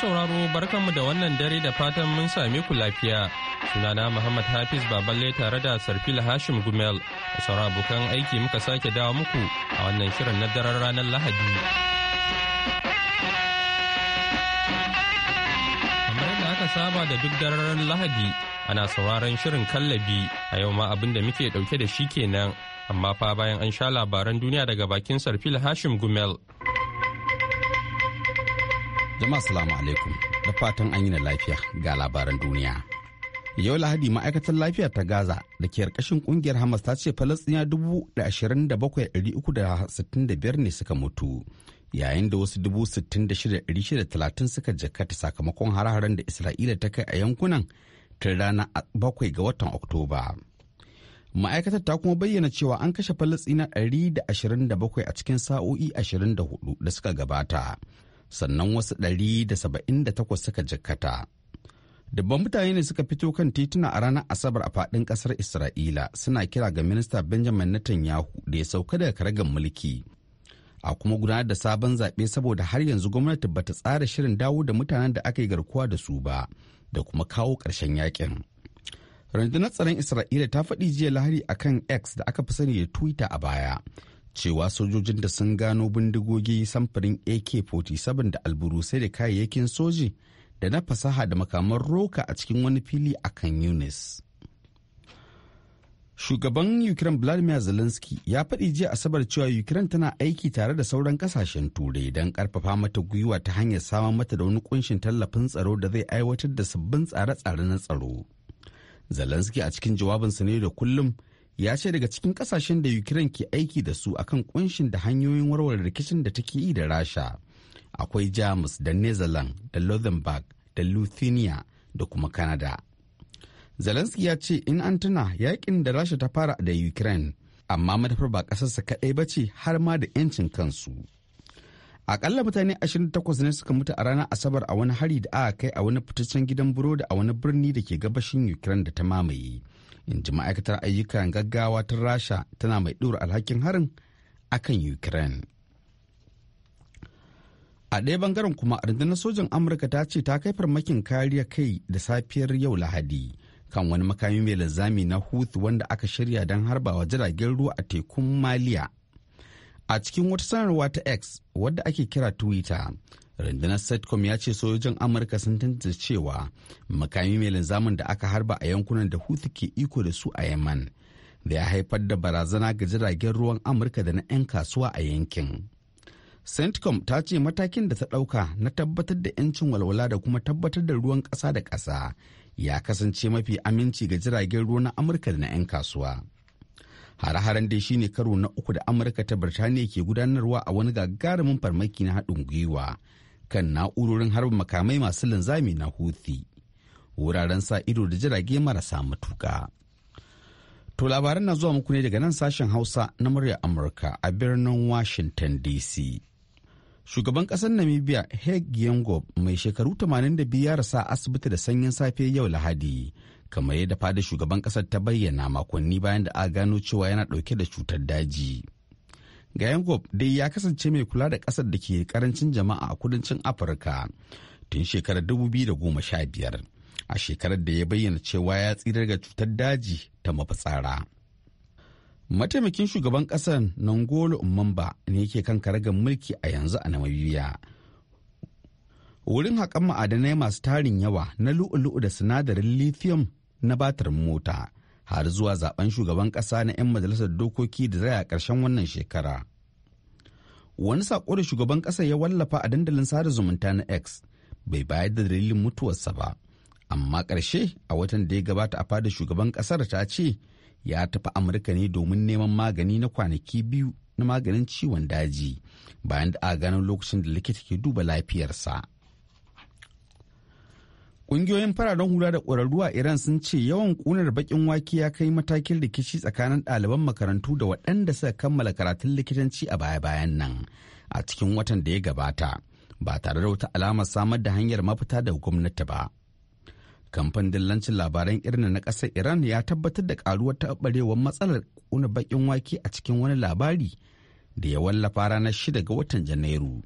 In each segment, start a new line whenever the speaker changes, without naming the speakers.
sauraro barkanmu da wannan dare da fatan mun sami ku lafiya. Sunana Muhammad Hafiz Baballe tare da Sarfil Hashim Gumel. a sauran abokan aiki muka sake dawo muku a wannan shirin na daren ranar Lahadi. Kamar da aka saba da duk daren Lahadi ana sauraron shirin kallabi a yau ma abin da muke dauke da shi kenan. Amma fa bayan an sha labaran duniya daga bakin Sarfil Hashim Gumel.
Jama'a salamu alaikum da fatan an yi na lafiya ga labaran duniya. Yau Lahadi ma'aikatar lafiya ta Gaza da ke ƙarƙashin ƙungiyar Hamas ta ce Falasɗina biyar ne suka mutu yayin da wasu talatin suka jakata sakamakon har-haren da Isra'ila ta kai a yankunan tun ranar bakwai ga watan Oktoba. ma'aikatar ta kuma bayyana cewa an kashe falastina 127 a cikin sa'o'i 24 da suka gabata sannan wasu ɗari da da saba'in 178 suka jikkata. Dabban mutane ne suka fito kan tituna a ranar Asabar a faɗin ƙasar Isra'ila suna kira ga minista Benjamin Netanyahu da ya sauka daga karagar mulki. A kuma gudanar da sabon zaɓe saboda har yanzu gwamnati bata tsara shirin dawo da mutanen da aka yi garkuwa da su ba da kuma kawo ƙarshen yakin. Rundunar tsaron Isra'ila ta faɗi jiya lahari akan X da aka fi sani da Twitter a baya cewa sojojin da sun gano bindigogi samfurin ak-47 da alburusai da kayayyakin soji da na fasaha da makaman roka a cikin wani fili a kan yunis shugaban ukraine vladimir zelensky ya faɗi jiya asabar cewa ukraine tana aiki tare da sauran kasashen turai don karfafa mata gwiwa ta hanyar samar mata da wani kunshin tallafin tsaro da zai aiwatar da sabbin tsare-tsare na tsaro zelensky a cikin jawabinsa ne da kullum ya ce daga cikin kasashen da ukraine ke aiki da su akan kunshin da hanyoyin warware rikicin da take yi da rasha akwai jamus da netherlands da luxembourg da lithuania da kuma canada zelensky ya ce in an tuna yakin da rasha ta fara da ukraine amma madafar ba ƙasarsa kaɗai ba ce har ma da 'yancin kansu akalla mutane 28 ne suka mutu a ranar asabar a wani hari da aka kai a wani fitaccen gidan burodi a wani birni da ke gabashin ukraine da ta mamaye in ji ma'aikatar ayyukan gaggawa ta rasha tana mai ɗora alhakin harin a kan ukraine a ɗaya bangaren kuma rundunar sojan amurka ta ce ta kai farmakin kariya kai da safiyar yau lahadi kan wani makami mai linzami na huth wanda aka shirya don harbawa jiragen ruwa a tekun maliya a cikin wata sanarwa ta x wadda ake kira twitter rundunar setcom ya ce sojojin amurka sun tantance cewa makami mai linzamin da aka harba a yankunan da hutu ke iko da su a yaman da ya haifar da barazana ga jiragen ruwan amurka da na 'yan kasuwa a yankin centcom ta ce matakin da ta dauka na tabbatar da 'yancin walwala da kuma tabbatar da ruwan kasa da kasa ya kasance mafi aminci ga jiragen ruwa na amurka da na 'yan kasuwa hare-haren dai shine karo na uku da amurka ta birtaniya ke gudanarwa a wani gagarumin farmaki na haɗin gwiwa kan na'urorin harbin makamai masu linzami na Houthi, wuraren sa ido da jirage marasa matuka. To labaran na zuwa muku ne daga nan sashen Hausa na muryar Amurka a birnin Washington DC. Shugaban ƙasar Namibia Heg Yengob mai shekaru biyu ya rasa asibiti da sanyin safe yau Lahadi, kamar yadda fada shugaban ƙasar ta bayyana makonni bayan da a gano cewa yana ɗauke da cutar daji. ga yankob dai ya kasance mai kula da kasar da ke karancin jama'a a kudancin Afirka tun shekarar 2015 a shekarar da ya bayyana cewa ya tsira daga cutar daji ta mafitsara. Mataimakin shugaban ƙasar Nangolo mamba ne yake kan karagar mulki a yanzu a Namibia. Wurin haƙan ma'adanai masu tarin yawa na lu'u-lu'u da sinadarin lithium na batar mota har zuwa zaben shugaban kasa na 'yan majalisar dokoki da zai a ƙarshen wannan shekara. Wani saƙo da shugaban ƙasar ya wallafa a dandalin sada zumunta na X bai bayar da dalilin mutuwarsa ba, amma ƙarshe a watan da ya gabata a fadar shugaban ƙasar ta ce ya tafi Amurka ne domin neman magani na kwanaki biyu na maganin ciwon daji bayan da a ganin lokacin da likita ke duba lafiyarsa. Ƙungiyoyin fararen hula da ƙwararru a Iran sun ce yawan ƙunar baƙin wake ya kai matakin rikici tsakanin ɗaliban makarantu da waɗanda suka kammala karatun likitanci a baya-bayan nan a cikin watan da ya gabata ba tare da wata alamar samar da hanyar mafita da gwamnati ba. Kamfan dillancin labaran irin na ƙasar Iran ya tabbatar da ƙaruwar taɓarewar matsalar ƙuna baƙin wake a cikin wani labari da ya wallafa ranar shida ga watan Janairu.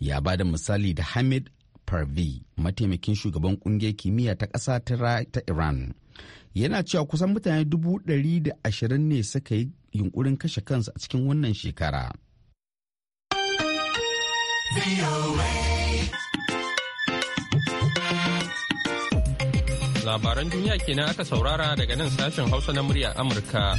Ya ba da misali da Hamid Parvi, mataimakin shugaban kungiyar kimiyya ta ƙasa ta Iran. Yana cewa kusan mutane dubu ɗari da ashirin ne suka yi yunkurin kashe kansu a cikin wannan shekara.
Labaran duniya kenan aka saurara daga nan sashen Hausa na murya Amurka.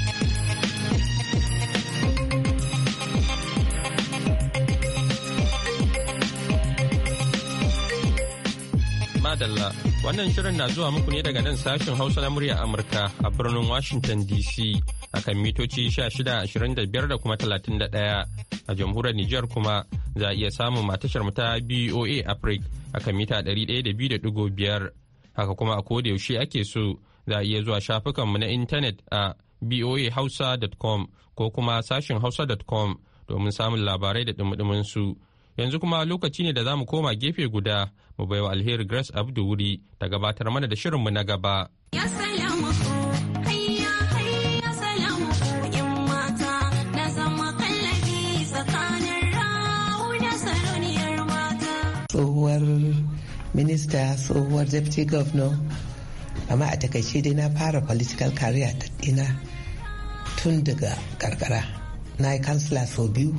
madalla wannan shirin na zuwa muku ne daga nan sashen hausa na murya amurka a birnin washington dc a kan mitoci 1625 da kuma 31 a jamhuriyar nijar kuma za a iya samun matashar ta boa africa kan mita 102.5 haka kuma a koda yaushe ake so za a iya zuwa shafukanmu na intanet a boahausa.com ko kuma sashen hausa.com domin samun labarai da dumudumin su yanzu kuma lokaci ne da za mu koma gefe guda mu baiwa alheri grace abdu wuri ta gabatar mana da shirinmu na gaba
tsohuwar minista tsohuwar deputy governor amma a takaice dai na fara political career ta ina tun daga karkara na yi kansila sau biyu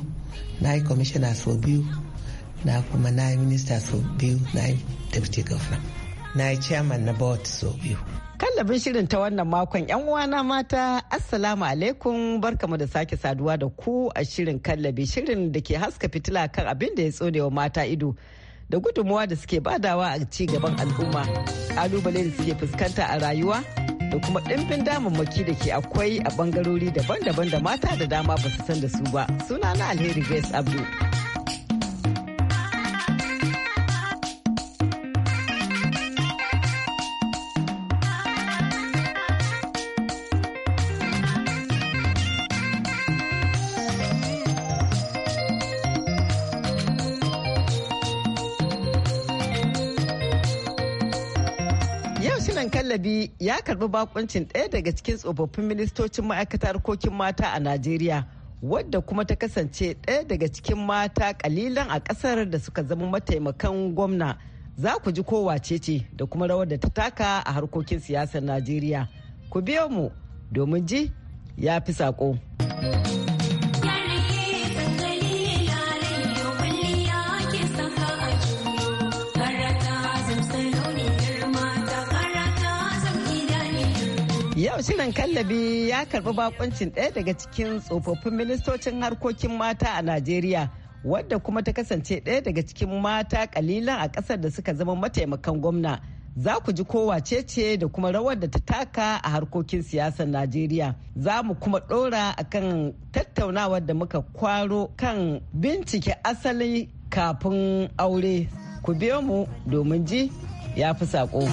na yi commissioner sau biyu na kuma na yi minista sau biyu na yi deputy governor na yi chairman na board sau biyu
kallabin shirin ta wannan makon yan uwana mata assalamu alaikum barkamu da sake saduwa da ku a shirin kallabi shirin da ke haska fitila kan abin da ya wa mata ido da gudunmuwa da suke badawa a ci gaban al'umma kalubale da suke fuskanta a rayuwa da kuma ɗimbin damammaki da ke akwai a bangarori daban-daban da mata da dama ba su san da su ba suna na alheri grace abdul Hassan Kallabi ya karbi bakuncin ɗaya daga cikin tsofaffin ministocin ma'aikatar harkokin mata a Najeriya. wadda kuma ta kasance ɗaya daga cikin mata kalilan a ƙasar da suka zama mataimakan gwamna za ku ji wace ce da kuma rawar da ta taka a harkokin siyasar najeriya ku biyo mu domin ji ya fi saƙo. Yau shirin kallabi ya karbi bakoncin ɗaya daga cikin tsofaffin ministocin harkokin mata a Najeriya wadda kuma ta kasance ɗaya daga cikin mata kalilan a ƙasar da suka zama mataimakan gwamna. Za ku ji kowa ce da kuma rawar da ta taka a harkokin siyasar Najeriya. Za mu kuma ɗora a kan tattaunawar da muka kwaro kan bincike asali kafin aure. Ku biyo mu domin ji ya fi saƙo.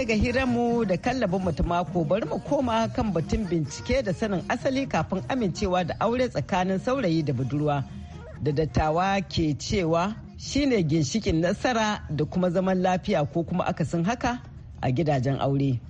kai ga hiranmu da kallabin mu ta mako bari mu koma kan batun bincike da sanin asali kafin amincewa da aure tsakanin saurayi da budurwa da dattawa ke cewa shine ginshikin nasara da kuma zaman lafiya ko kuma akasin haka a gidajen aure.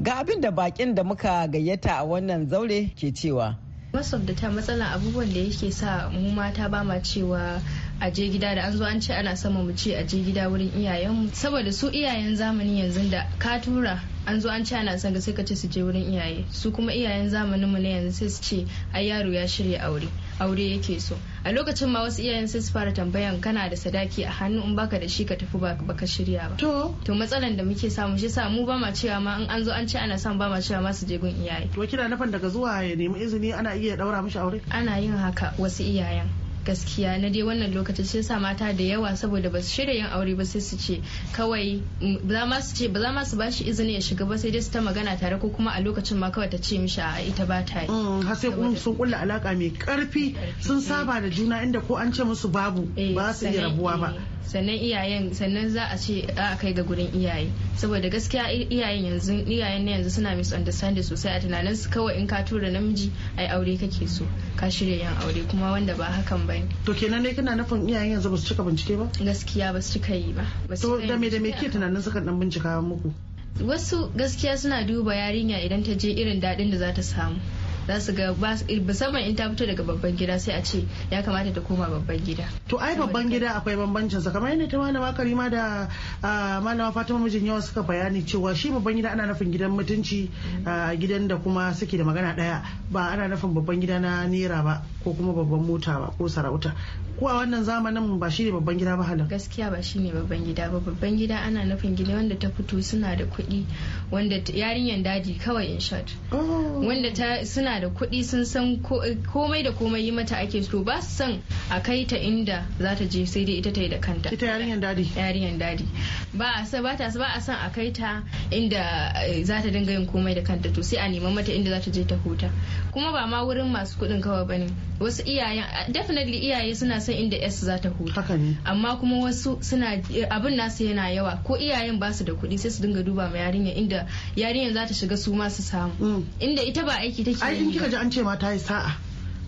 Ga abin da bakin da muka gayyata a wannan zaure ke cewa.
most of the time matsalan abubuwan da yake sa mu mata ba ma cewa a je gida da an zo an ce ana sama mu ce a je gida wurin iyayenmu saboda su iyayen zamani yanzu da ka tura an zo an ce ana son sai ka ce su je wurin iyaye su kuma iyayen zamanin mu na yanzu sai su ce ai yaro ya shirya aure aure yake so a lokacin ma wasu iyayen sai su fara tambayan kana da sadaki a hannu in baka da shi ka tafi baka shirya ba to to matsalan da muke samu shi sa mu ba ma cewa ma in an zo an ce ana son ba ma cewa ma su je gun iyaye to kina nufin daga zuwa ya nemi izini ana iya daura mishi aure ana yin haka wasu iyayen gaskiya na dai wannan lokacin sai sa mata da yawa saboda ba su shirya yin aure ba sai su ce kawai mm, ba ma su ce ba za ma su bashi izini ya shiga ba sai dai su ta magana tare ko kuma a lokacin ma kawai ta ce mishi a
ita ba ta yi mm, har sai kun sun kulla alaka mai karfi sun saba da juna inda ko an ce musu babu ba eh, su yi rabuwa ba eh,
sannan iyayen sannan za a ce a kai ga gurin iyaye saboda gaskiya iyayen yanzu iyayen na yanzu suna misunderstanding sosai a tunanin su kawai in ka tura namiji ai aure kake so ka shirya yin aure kuma wanda ba hakan ba ne to kenan ne kana nufin iyayen yanzu ba su cika bincike ba gaskiya ba su cika yi ba to da me da me ke tunanin suka dan bincika muku wasu gaskiya suna duba yarinya idan ta je irin dadin da za ta
samu za su ga musamman in ta fito daga babban gida sai a ce ya kamata ta koma babban gida. To ai babban gida akwai bambancin sa kamar yadda ta malama Karima da malama Fatima mijin yawa suka bayani cewa shi babban gida ana nufin gidan mutunci gidan da kuma suke da magana daya ba ana nufin babban gida na nera ba. ko kuma babban mota ba ko sarauta ko a wannan zamanin ba shi ne babban gida ba halin gaskiya ba shi ne babban gida ba babban gida ana nufin
gida wanda ta fito suna da kuɗi wanda yarinyar daji kawai in shot oh. wanda ta suna da kuɗi sun san komai da komai yi mata ake so ba su san a kai ta inda za ta je sai dai ita ta yi da kanta ita yarinyar daji yarinyar daji ba a san ba ta ba a san a kai ta inda eh, za ta dinga yin komai da kanta to sai a neman mata inda za ta je ta huta kuma ba ma wurin masu kuɗin kawai bane wasu iyayen definitely iyaye suna son inda s za ta huta amma kuma wasu suna abin nasu yana yawa ko iyayen ba su da kuɗi sai su dinga duba ma yarinya inda yarinya za ta shiga su ma su samu mm. inda ita ba
aiki take ai in kika ji an ce ma ta yi sa'a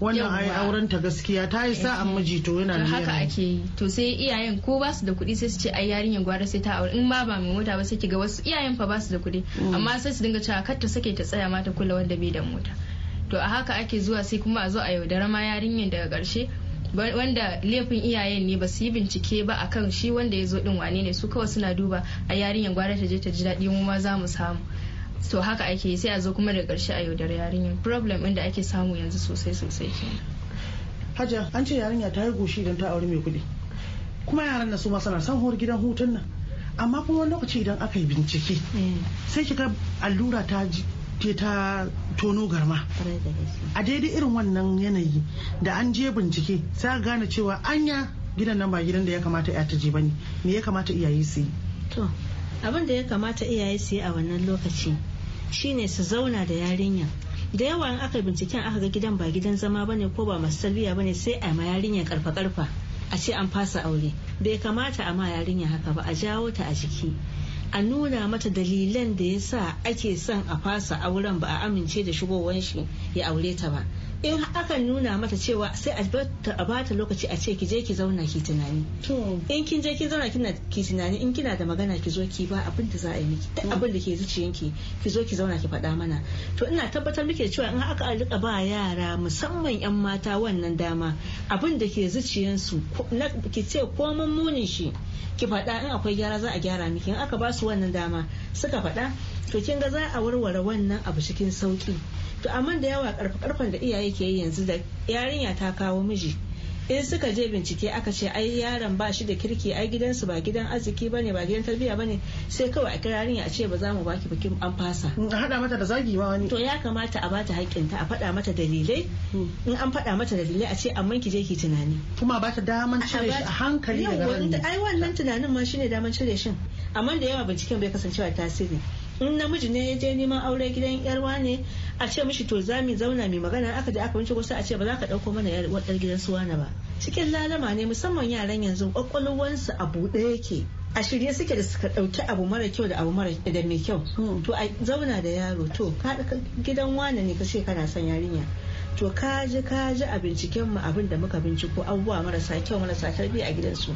wannan ai auren ta gaskiya ta yi sa'a eh. miji to yana da haka ake yi
to sai iyayen ko ba su da kuɗi sai su ce ai yarinyar gwara sai ta aure in ma ba mai mota ba sai ki ga wasu iyayen fa ba su da kuɗi mm. amma sai su dinga cewa kar ta sake ta tsaya ma ta kula wanda bai da mota to a haka ake zuwa sai kuma a zo a yaudara ma yarinyar daga karshe wanda laifin iyayen ne ba su yi bincike ba a kan shi wanda ya zo din wane ne su kawai suna duba a yarinyar gwara ta je ta ji daɗi mu ma za mu samu to haka ake yi sai a zo kuma daga karshe a yaudara yarinyar
problem ɗin da ake samu yanzu sosai sosai ke. hajja an ce yarinya ta yi goshi idan ta aure mai kuɗi kuma yaran na su ma suna son hor gidan hutun nan amma kuma wani lokaci idan aka yi bincike eh. sai kika allura ta ji. te ta tono garma a daidai irin wannan yanayi da an je bincike za ka gane cewa anya gidan nan ba gidan da ya kamata ya ta je bane me ya kamata iyaye su yi to abin da ya kamata iyaye su yi a wannan lokaci shine su zauna da yarinya
da yawa in aka binciken aka ga gidan ba gidan zama bane ko ba masu tarbiyya bane sai a ma yarinya karfa karfa a ce an fasa aure bai kamata a ma yarinya haka ba a jawo ta a jiki a nuna mata dalilan da ya sa ake son a fasa auren ba a amince da shigowar shi ya aure ta ba in akan nuna mata cewa sai a bata lokaci a ce ki je ki zauna ki tunani in kin je ki zauna kina ki tunani in kina da magana ki zo ki ba abin da za a yi miki duk mm. abin da ke zuciyanki ki zo ki zauna ki faɗa mana to ina tabbatar muke cewa in aka rika ba yara musamman yan mata wannan dama abin da ke zuciyansu ki ce mun munin shi ki faɗa in akwai gyara za a gyara miki in aka ba su wannan dama suka faɗa to kin ga za a warware wannan abu cikin sauki to amma da yawa karfe-karfen da iyaye ke yi yanzu da yarinya ta kawo miji in suka je bincike aka ce ai yaron ba shi da kirki ai gidansu ba gidan arziki ba ne ba gidan tarbiyya ba ne sai kawai a kirarin a ce ba za mu baki bikin an fasa. haɗa mata da zagi ma wani. to ya kamata a bata haƙƙinta a faɗa mata dalilai hmm. in an faɗa mata dalilai a ce amma ki je ki tunani.
kuma ba ta daman cire shi a hankali daga ranar. ai
wannan tunanin ma shine daman cire shin amma da yawa binciken bai kasancewa tasiri in namiji ne ya je neman aure gidan yarwa ne a ce mishi to za mu zauna mai magana aka da aka wuce wasu a ce ba za ka dauko mana yar wadar gidan wane ba cikin lalama ne musamman yaran yanzu kwakwalwansu a buɗe yake a shirye suke da suka ɗauki abu mara kyau da abu mara da mai kyau hmm. to a zauna da yaro to ka gidan wane ne ka ce kana son yarinya to kaji kaji a binciken mu abin da muka binciko abubuwa marasa kyau marasa tarbiyya a gidan su.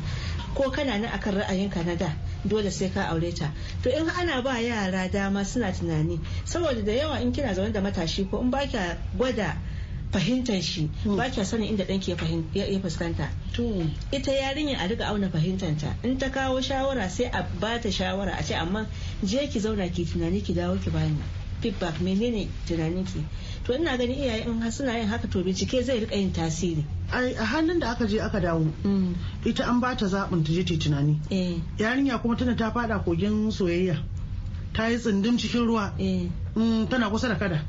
ko kana nan akan ra'ayin ka na da dole sai ka aure ta to in ana ba yara dama suna tunani saboda da yawa in kina zaune da matashi ko in baki gwada fahimtar shi hmm. ba kya sanin inda danki ya fuskanta. Ita yarinya a riga auna fahimtanta in ta kawo shawara sai a ba ta shawara a ce amma je ki zauna ki tunani ki dawo ki bani feedback menene tunaninki to ina ganin iyaye in suna yin haka to bincike zai rika yin tasiri
a halin da aka je aka dawo mm. ita an ba ta zaɓin ta je ta tunani eh. yarinya kuma tana ta fada kogin soyayya ta yi tsindin cikin ruwa eh. mm, tana kusa da kada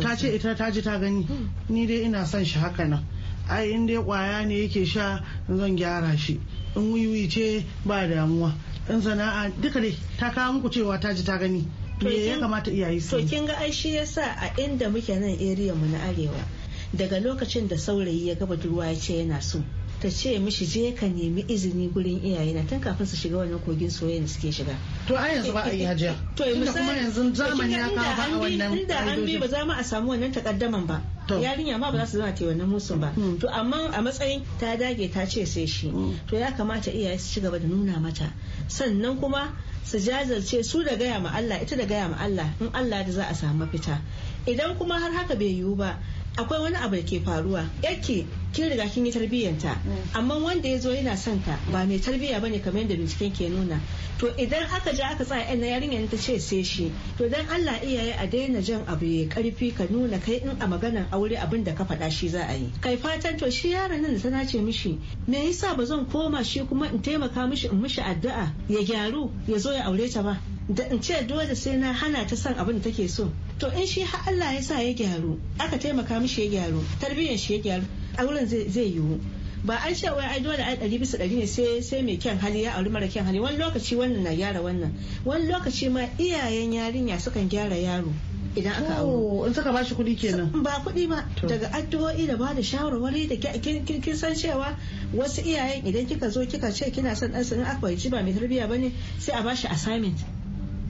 ta ce ita ta ji ta gani hmm. ni dai ina son shi haka nan ai in dai kwaya ne yake sha zan gyara shi in wiwi ce ba damuwa in sana'a duka dai ta kawo muku cewa ta ji ta gani me ya kamata iyaye su to kin ga ai shi yasa a inda muke nan
area mu na arewa daga lokacin da saurayi ya ga budurwa ya ce yana so ta ce mishi je ka nemi izini gurin iyaye na tun kafin su shiga wannan kogin soyayya da suke shiga to a yanzu ba a yi hajiya to kuma yanzu zamani ya kawo ba a wannan inda an bi ba za mu a samu wannan takaddaman ba yarinya ma ba za su zama ta wannan musun ba hmm. to amma a matsayin ta dage ta ce sai shi hmm. to ya kamata iyaye su ci gaba da nuna mata sannan kuma su jazarce su da gaya ma Allah ita da gaya ma Allah in Allah da za a samu mafita idan kuma har haka bai yiwu ba akwai wani abu da ke faruwa yake kin riga kin yi tarbiyyanta mm. amma wanda ya zo yana son ka ba mai tarbiyya bane kamar yadda binciken ke nuna to idan aka je aka tsaya yan yarinyar ta ce sai shi to dan Allah iyaye a daina jan abu ya karfi ka nuna kai in a maganar aure abin da ka faɗa shi za a yi kai fatan to shi yaron nan da ta ce mishi me yasa ba zan koma shi kuma in taimaka mishi in mishi addu'a ya gyaru ya zo ya aure ta ba da in ce dole sai na hana ta son abin da take so to in shi har Allah ya sa ya gyaru aka taimaka mishi ya gyaru tarbiyyar shi ya gyaru a wurin zai yiwu ba an ce wai ai dole ai ɗari bisa ɗari ne sai mai kyan hali ya auri mara kyan hali wani lokaci wannan na gyara wannan wani lokaci ma iyayen yarinya sukan gyara yaro idan aka auro oh, in suka bashi kuɗi kenan ba kuɗi ba daga addu'o'i da ba da shawarwari da kin san cewa wasu iyayen idan kika zo kika ce kina son ɗansa in aka bai ba mai tarbiyya bane sai a bashi assignment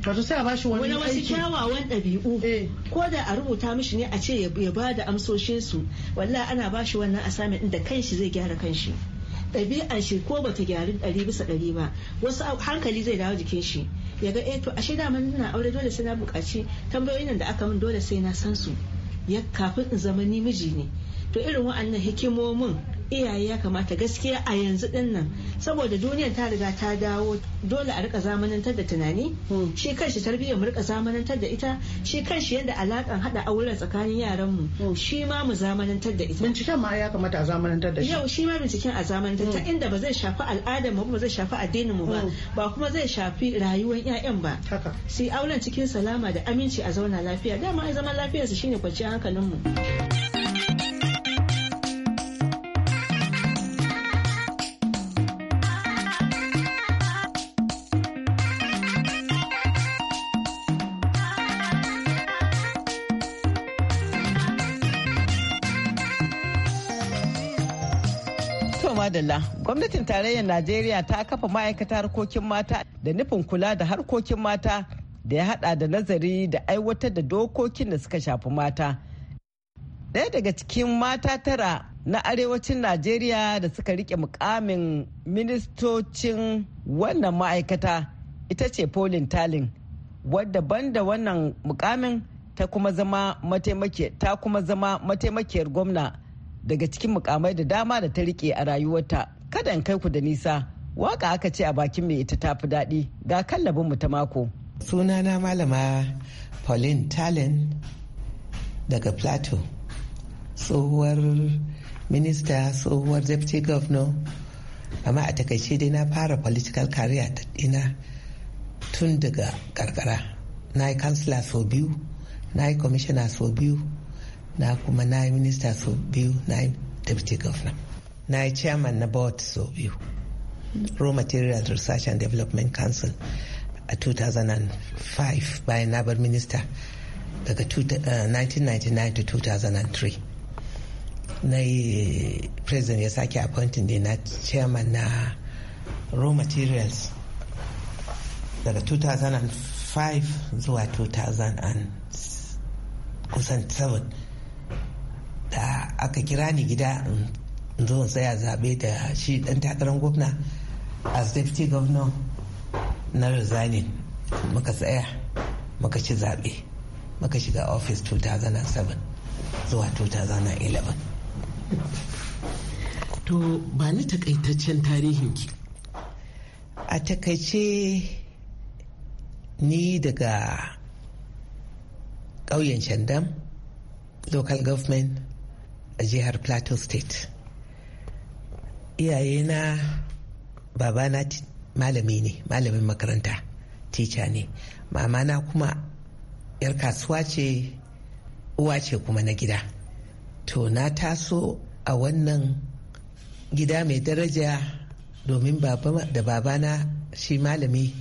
wato sai a bashi wani aiki wani wasu kyawawan ɗabi'u eh. ko da a rubuta mishi ne a ce ya ba da amsoshinsu. su ana ana bashi wannan assignment din da kanshi zai gyara kanshi ɗabi'an shi ko bata gyaru ɗari bisa ɗari ba wasu hankali zai dawo jikin shi ya ga eh to ashe da ina aure dole sai na buƙaci tambayoyin da aka min dole sai na san su ya kafin in zama ni miji ne to irin wa'annan hikimomin iyaye ya kamata gaskiya a yanzu din nan saboda duniyar ta riga ta dawo dole a rika zamanantar da tunani hmm. shi kanshi tarbiyyar mu rika zamanantar da ita shi kanshi yadda alakan hada auren tsakanin yaran mu hmm. shi ma mu zamanantar da ita binciken ma ya kamata a zamanantar da shi yau shi ma binciken a zamanantar ta hmm. inda ba zai shafi al'adar mu ba zai shafi addinin mu ba ba kuma zai shafi rayuwar ƴaƴan ba sai auren cikin salama da aminci a zauna lafiya dama ai zaman su shine kwanciyar hankalin mu
madalla gwamnatin tarayyar najeriya ta kafa ma'aikata harkokin mata da nufin kula da harkokin mata da ya hada da nazari da aiwatar da dokokin da suka shafi mata daya daga cikin mata tara na arewacin najeriya da suka rike mukamin ministocin wannan ma'aikata ita ce polin talin wadda banda wannan mukamin ta kuma zama mataimakiyar gwamna daga cikin mukamai da dama da ta rike a rayuwarta kada in kai ku da nisa waka aka ce a bakin mai ita ta fi daɗi ga kallabin mu ta mako
sunana malama pauline talen daga plateau tsohuwar minista tsohuwar deputy governor amma a takaice dai na fara political career ta dina tun daga karkara na yi kansila sau biyu na yi commissioner sau biyu na kuma na yi minista sau biyu na yi deputy governor na yi chairman na board sau biyu raw materials research and development council a 2005 bayan na bar minista daga 1999 eh, to 2003 na yi president ya sake appointing da na chairman na raw materials daga 2005 zuwa 2000 aka kira ni gida in zo in tsaya zaɓe da shi ɗan takarar gwamna as deputy governor na resigning muka tsaya muka ci zaɓe muka shiga office 2007 zuwa 2011 to ba ni takaitaccen tarihinki a takaice ni daga ƙauyen shandam local government a jihar plateau state iyayena babana malami ne malamin makaranta tica ne mamana kuma yar kasuwa ce uwa ce kuma na gida to na taso a wannan gida mai daraja domin da babana shi malami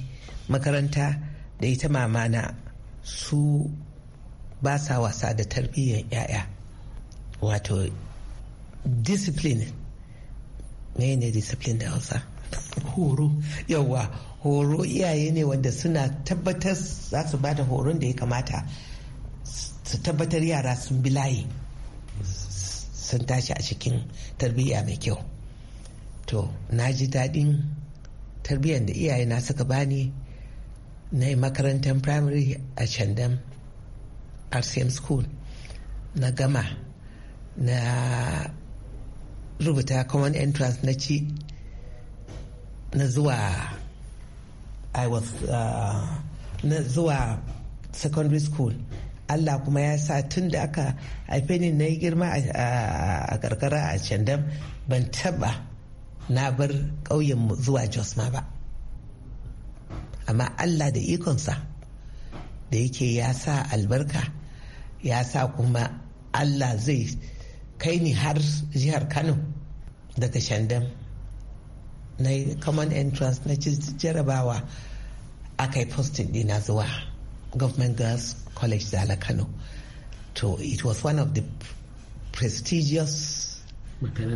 makaranta da ita mamana su ba sa wasa da tarbiyyar 'ya'ya wato discipline me ne discipline da hausa horo yawa horo iyaye ne wanda suna tabbatar za su ba da horon da ya kamata su tabbatar yara sun bi layi sun tashi a cikin tarbiyya mai kyau to na ji daɗin tarbiyyar da iyaye na suka bani na yi makarantar primary a chandam rcm school na gama na rubuta common entrance na ci na zuwa i was uh, na zuwa secondary school Allah kuma ya sa tun da aka haife ni na yi girma a karkara a Candam ban taba na bar ƙauyenmu zuwa Jos ma ba. Amma Allah da ikonsa da yake ya sa albarka ya sa kuma Allah zai kai ni har jihar kano daga shandam na common entrance na jarabawa aka yi posting dina zuwa government girls college ala kano to it was one of the prestigious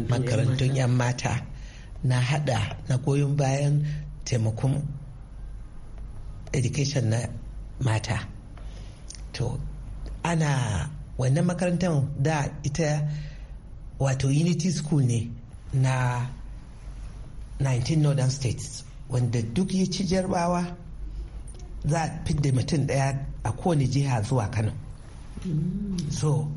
makarantun yan mata na hada na goyon bayan taimakon education na mata to ana wannan makarantar da ita wato unity school ne na 19 northern states wanda duk ya ci jarbawa za a fidda mutum daya a kowane jiha zuwa kano so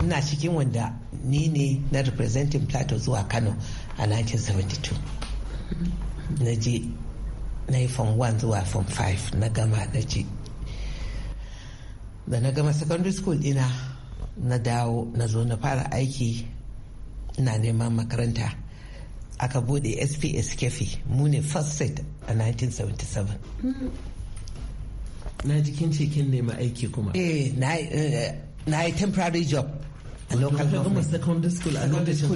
ina cikin wanda ni ne na representing plateau zuwa kano a 1972 na ji na yi form 1 zuwa form 5 na gama na ji, da na gama secondary school ina na dawo na zo na fara aiki na neman makaranta aka bude sps kefi mu ne first set a 1977 na jikin cikin nema aiki kuma eh, eh na yi temporary job a local government secondary school a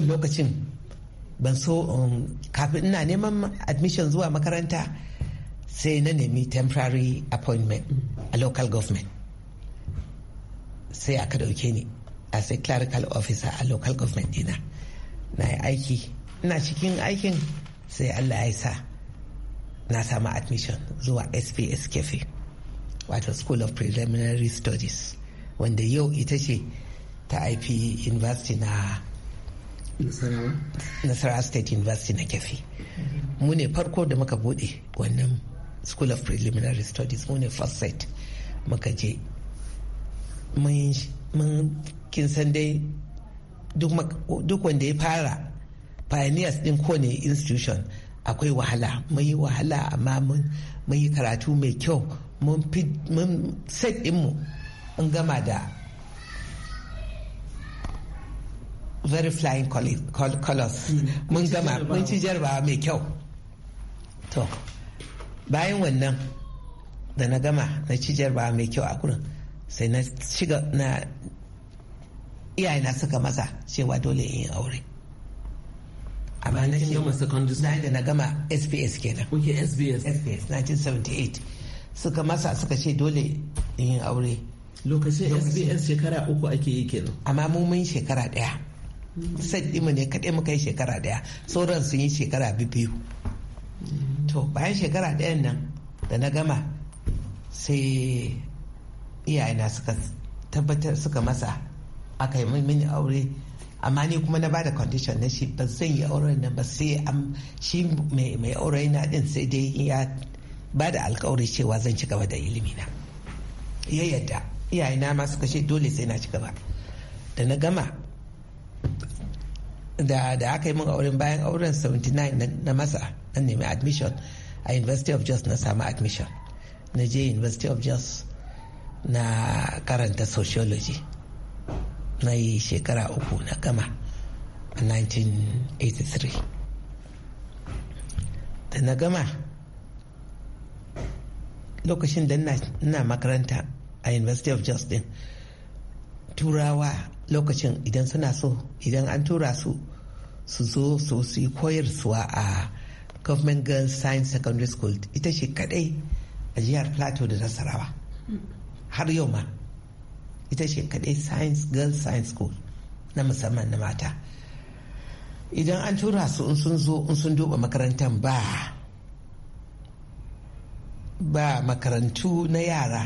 lokacin ban so um, kafin ina neman admission zuwa makaranta sai na nemi temporary appointment a local government sai aka dauke ni as a clerical officer a local government dina na yi aiki ina cikin aikin sai allah ya sa na samu admission zuwa sps cafe wato school of preliminary studies wanda yau ita ce ta ip university na nasarawa state university na kefi mu ne farko da muka bude wannan school of preliminary studies mu ne first set muka je mun kin san dai duk wanda ya fara pioneers din kone institution akwai wahala mun yi wahala amma mun yi karatu mai kyau mun set mu in gama da very flying colors hmm. mun gama mun ci jarabawa mai kyau to bayan wannan da na gama na ci jarabawa mai kyau a kurin sai na shiga na na suka masa cewa dole in yi aure amma na gama secondary school da na gama SPS kenan okay SPS SPS 1978 suka masa suka ce dole in yi aure lokacin SBS shekara uku ake yi kenan amma mu mun shekara daya sai mu ne kaɗai muka yi shekara daya sauran sun yi shekara biyu to bayan shekara ɗayan nan da na gama sai iyayena suka tabbatar suka masa aka yi mini aure amma ni kuma na bada condition na shi ba zan yi auren nan ba sai am shi mai aure na din sai dai ya bada alkawari cewa zan ci gaba da ilimi na ya yadda iyayena ma suka ce dole sai na ci gaba da na gama da da aka yi min auren bayan auren 79 na masa na nemi admission a university of jos na samu admission na je university of jos na karanta sociology na yi shekara uku na gama a 1983 da na gama lokacin da ina makaranta a university of justin turawa lokacin idan suna so idan an tura su su zo su su yi koyarsuwa a government girls science secondary school ita ce kadai a jihar plateau da nasarawa hmm. har yau ma ita ce kadai science girl science school na musamman na mata idan an tura su in sun zo in sun duba makarantar ba ba makarantu na yara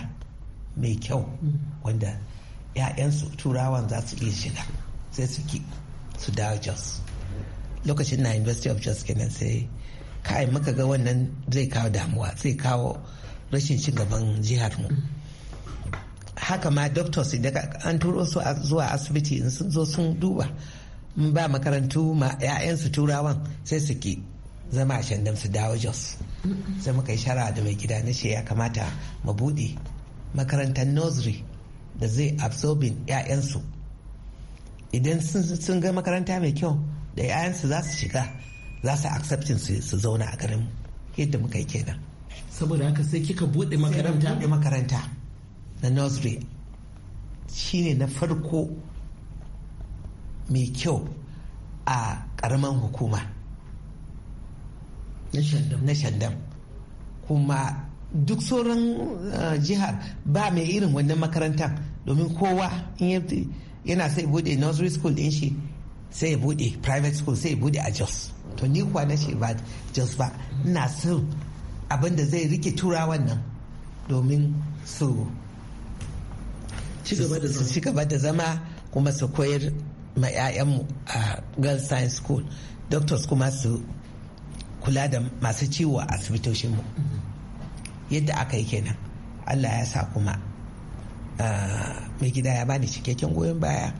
mai kyau wanda 'ya'yansu turawan za su iya shiga sai su ki su dawo jos lokacin na university of jos kenan sai kai muka ga wannan zai kawo damuwa zai kawo rashin cin gaban jihar mu haka ma doctors daga an turo su zuwa asibiti in sun zo sun duba in ba makarantu ma 'ya'yansu turawan sai su ki zama a shandam su dawo jos sai muka yi shara da mai gida na ce ya kamata mu buɗe makarantar nursery da zai absorbing 'ya'yansu idan sun ga makaranta mai kyau da 'ya'yansu za su shiga za su accepting su zauna a garin yadda muka yi kenan saboda haka sai kika buɗe makaranta na nursery shine na farko mai kyau a ƙaramin hukuma na shandam kuma duk sauran eh, jihar ba mai irin wannan makarantar domin kowa yana sai bude nursery school din shi sai ya bude private school sai bude a jos to ni kuwa na ba jos ba ina son abinda zai rike turawan nan domin su su ci gaba da zama kuma su koyar ma 'ya'yanmu a girls science school doctors kuma su kula da masu ciwo a asibitoshinmu yadda aka yi kenan allah ya sa kuma mai gida ya bani cikakken goyon baya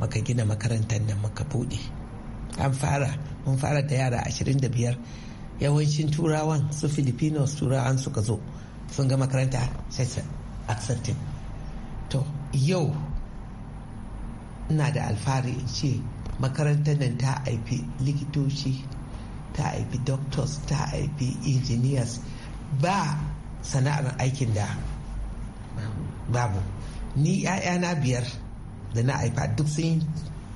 muka gina makarantar nan muka buɗe an fara mun fara da yara 25 yawancin turawan su filipinos turawan suka zo sun ga makaranta sai accepting yau ina da alfahari in ce makarantar nan ta aifi likitoci ta aifi doctors ta haifi engineers ba sana'ar aikin da babu ni na biyar da na haifa duk sun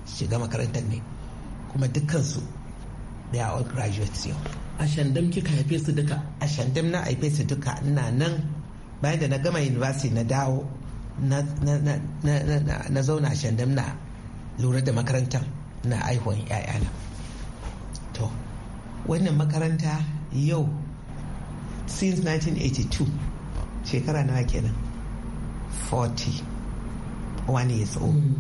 shiga makarantar ne kuma dukkansu da ya all graduates yau a shandam kika haife su duka a shandam na haife su duka ina nan bayan da na gama university na dawo na zauna a shandam na lura da makarantar na aihuwan 'ya'yana to wannan makaranta yau since 1982 shekara nawa kenan 40 one years old hmm.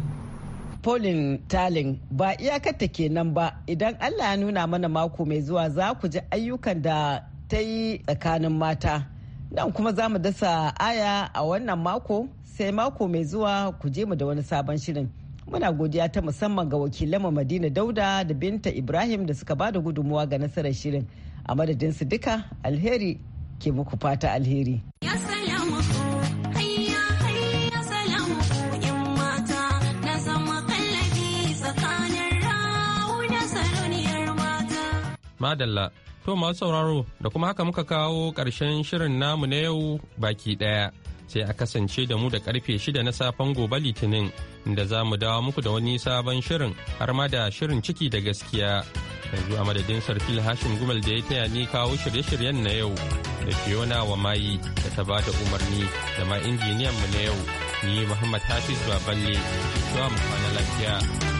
Pauline Talin ba ke kenan ba idan Allah ya nuna mana mako mai zuwa za ku ji ayyukan da ta yi tsakanin mata. Nan kuma za mu dasa aya a wannan mako sai mako mai zuwa ku je mu da wani sabon shirin. Muna godiya ta musamman ga wakilanmu Madina Dauda da Binta Ibrahim da suka bada gudunmuwa ga nasarar shirin. A madadin su duka alheri ke muku fata alheri.
Madalla, to masu sauraro da kuma haka muka kawo ƙarshen shirin namu na yau baki ɗaya. sai a kasance da mu da karfe shida na safen gobe litinin da za mu dawo muku da wani sabon shirin har ma da shirin ciki da gaskiya yanzu a madadin sarfil hashim gumal da ya taya ni kawo shirye-shiryen na yau da fiona wa mayi da ta ba da umarni da ma injiniyan mu na yau ni muhammad hafiz baballe zuwa mu kwana lafiya